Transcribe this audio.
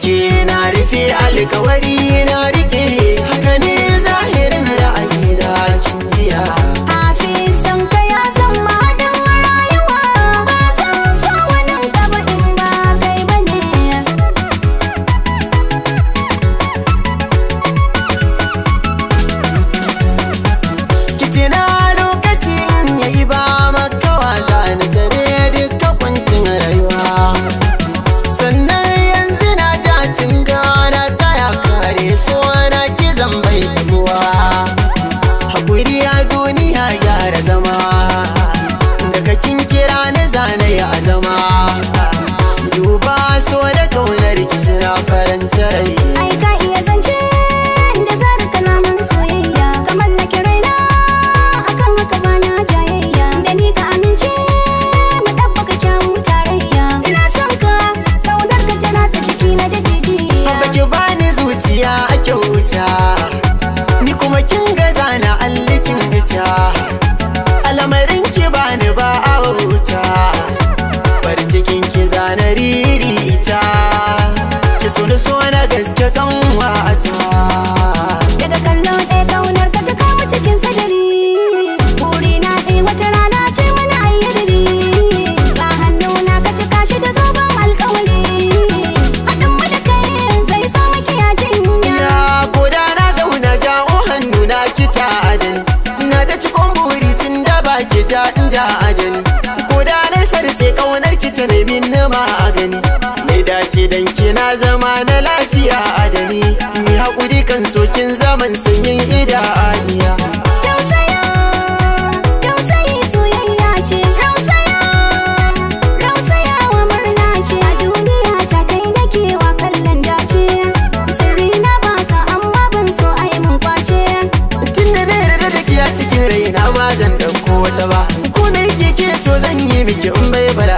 saki na rufe alkawari na rufe ta na zama azama duba so da kaunar ki suna faransa iske dan wata daga kallo ɗaya kaunar ka ta kawo cikin sadari kuri na ɗaya wata rana ce wani ayyadari ba hannu na ka cika shi da zoben alkawari haɗin mu da kai zai sa ya jinya ya koda na zauna jawo hannu na kita adin na da cikon buri tun da ba ki ja ja adin koda na sarce kaunar ki ta nemi na magani mai dace dan kina zama na lafiya cikin zaman sanyin idaniya tausaya tausayi soyayya ce rausaya rausaya wa murna ce a duniya ta kai nake wa kallon dace sirri na baka amma ban so a yi mun kwace tun da na yarda da kiya cikin raina ma zan dauko wata ba ko na yake ke so zan yi miki in bai bara